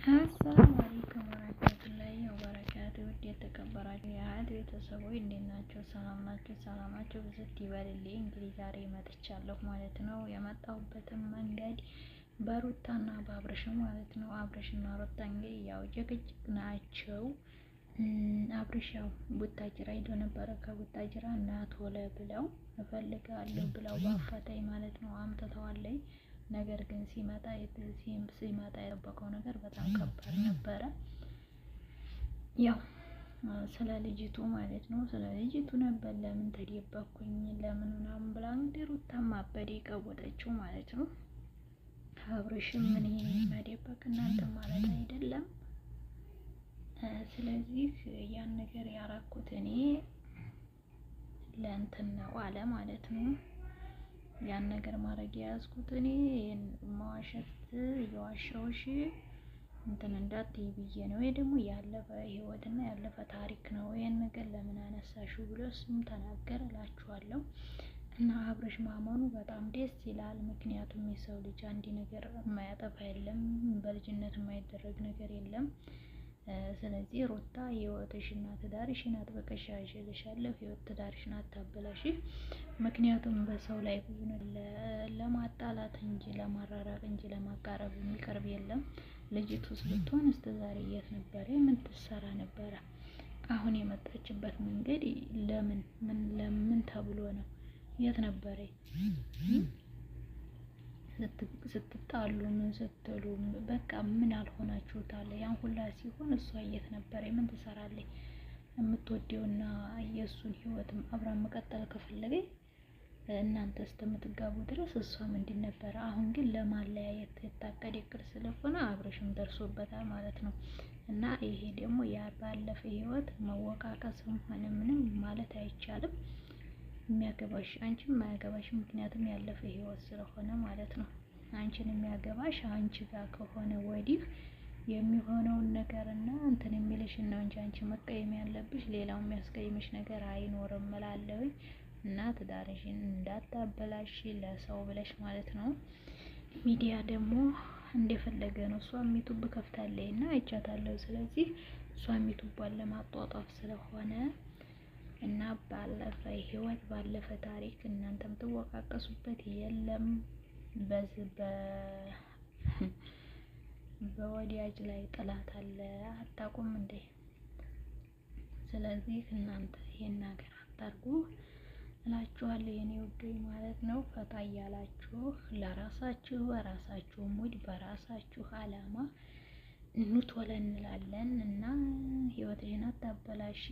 አሰላሙ አለይኩም ወረህመቱላሂ ወበረካቱ። ውድ የተከበራችሁ የአህድ ቤተሰቦች እንዴት ናቸው? ሰላም ናቸው? ሰላማቸው ብዙት ይበልልኝ። እንግዲህ ዛሬ መጥቻለሁ ማለት ነው። የመጣሁበትን መንገድ በሩታና በአብረሽ ማለት ነው። አብረሽና ሩታ እንግዲህ ያው ጭቅጭቅ ናቸው። አብረሽ ያው ቡታጅራ ሂዶ ነበረ። ከቡታጅራ እናቶለ ብለው እፈልጋለሁ ብለው ባፋታይ ማለት ነው አምጥተዋለኝ ነገር ግን ሲመጣ ሲመጣ የጠበቀው ነገር በጣም ከባድ ነበረ። ያው ስለ ልጅቱ ማለት ነው ስለ ልጅቱ ነበር ለምን ተደበኩኝ ለምን ምናምን ብላ እንግዲህ ሩታ ማበዴ ቀወጠችው ማለት ነው። አብርሽም ምን ይሄን መደበቅ እናንተ ማለት አይደለም። ስለዚህ ያን ነገር ያራኩት እኔ ለእንትን ነው አለ ማለት ነው። ያን ነገር ማድረግ የያዝኩት እኔ መዋሸት እየዋሸውሽ እንትን እንዳትይ ብዬ ነው። ወይ ደግሞ ያለፈ ህይወትና ያለፈ ታሪክ ነው። ይህን ነገር ለምን አነሳሽው ብሎ እሱም ተናገር እላችኋለሁ። እና አብረሽ ማመኑ በጣም ደስ ይላል። ምክንያቱም የሰው ልጅ አንድ ነገር የማያጠፋ የለም፣ በልጅነት የማይደረግ ነገር የለም። ስለዚህ ሩታ ህይወትሽና ትዳርሽን አጥብቀሽ አዥልሻለሁ። ህይወት ትዳርሽን አታበላሽ። ምክንያቱም በሰው ላይ ብዙ ለማጣላት እንጂ ለማራራቅ እንጂ ለማቃረብ የሚቀርብ የለም። ልጅቱስ ብትሆን እስከ ዛሬ የት ነበረ? ምን ትሰራ ነበረ? አሁን የመጣችበት መንገድ ለምን ምን ለምን ተብሎ ነው? የት ነበረ? ስትጣሉ ምን ስትሉ በቃ ምን አልሆናችሁታለ አለ። ያን ሁላ ሲሆን እሷ የት ነበረ? ምን ትሰራለች? የምትወደውና የእሱን ህይወትም አብራን መቀጠል ከፈለገኝ እናንተ እስከምትጋቡ ድረስ እሷም ምንድን ነበረ። አሁን ግን ለማለያየት የታቀደ እቅድ ስለሆነ አብረሽም ደርሶበታል ማለት ነው። እና ይሄ ደግሞ ያባለፈ ህይወት መወቃቀስም ሆነ ምንም ማለት አይቻልም። የሚያገባሽ አንቺም ማያገባሽ፣ ምክንያቱም ያለፈ ህይወት ስለሆነ ማለት ነው። አንቺን የሚያገባሽ አንቺ ጋር ከሆነ ወዲህ የሚሆነውን ነገር እና እንትን የሚልሽ እና እንጂ አንቺ መቀየም ያለብሽ ሌላው የሚያስቀይምሽ ነገር አይኖርም እላለሁኝ። እና ትዳርሽን እንዳታበላሽ ለሰው ብለሽ ማለት ነው። ሚዲያ ደግሞ እንደፈለገ ነው። እሷ የሚቱብ ከፍታለች እና አይቻታለሁ። ስለዚህ እሷ የሚቱቧን ለማጧጧፍ ስለሆነ እና ባለፈ ህይወት ባለፈ ታሪክ እናንተም ትወቃቀሱበት የለም። በወዲያጅ ላይ ጥላት አለ አታውቁም እንዴ? ስለዚህ እናንተ ይሄን ነገር አታርጉ እላችኋለሁ የኔ ውዴ ማለት ነው። ፈታ እያላችሁ ለራሳችሁ በራሳችሁ ሙድ በራሳችሁ አላማ ኑቶለ እንላለን እና ህይወትሽን አታበላሽ።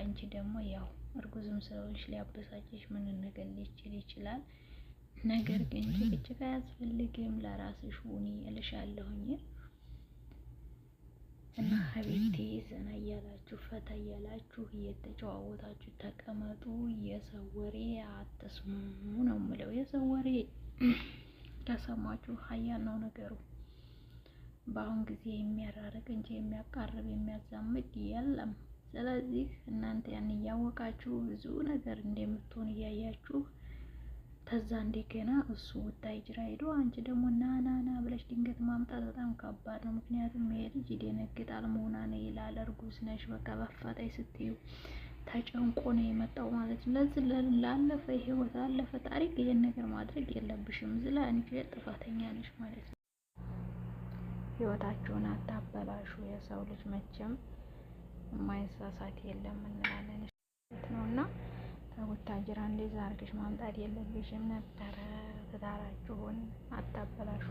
አንቺ ደግሞ ያው እርጉዝም ስለሆንሽ ሊያበሳጭሽ ምን ነገር ሊችል ይችላል። ነገር ግን ጭቅጭቅ አያስፈልግም፣ ለራስሽ ሁኒ እልሻለሁኝ። እና ሀቢቴ ዘና እያላችሁ ፈታ እያላችሁ እየተጨዋወታችሁ ተቀመጡ። የሰው ወሬ አትስሙ ነው የምለው። የሰው ወሬ ከሰማችሁ ሀያል ነው ነገሩ። በአሁን ጊዜ የሚያራርቅ እንጂ የሚያቃርብ የሚያዛምድ የለም። ስለዚህ እናንተ ያን እያወቃችሁ ብዙ ነገር እንደምትሆን እያያችሁ ከዛ እንደገና እሱ ውታይጅራ ሄዶ አንቺ ደግሞ ና ና ና ብለሽ ድንገት ማምጣት በጣም ከባድ ነው። ምክንያቱም ይሄ ልጅ ይደነግጣል። መሆና ነው ይላል። እርጉዝ ነሽ በቃ በአፋጣኝ ስትዩ ተጨንቆ ነው የመጣው ማለት ነው። ለዚህ ላለፈ ህይወት ላለፈ ታሪክ ይሄን ነገር ማድረግ የለብሽም። ዝላ አንቺ ጥፋተኛ ነሽ ማለት ነው። ህይወታችሁን አታበላሹ። የሰው ልጅ መቼም የማይሳሳት የለም እንላለን። ቡታጅራ እንደዛ አድርገሽ ማምጣት የለብሽም ነበረ። ትዳራችሁን አታበላሹ።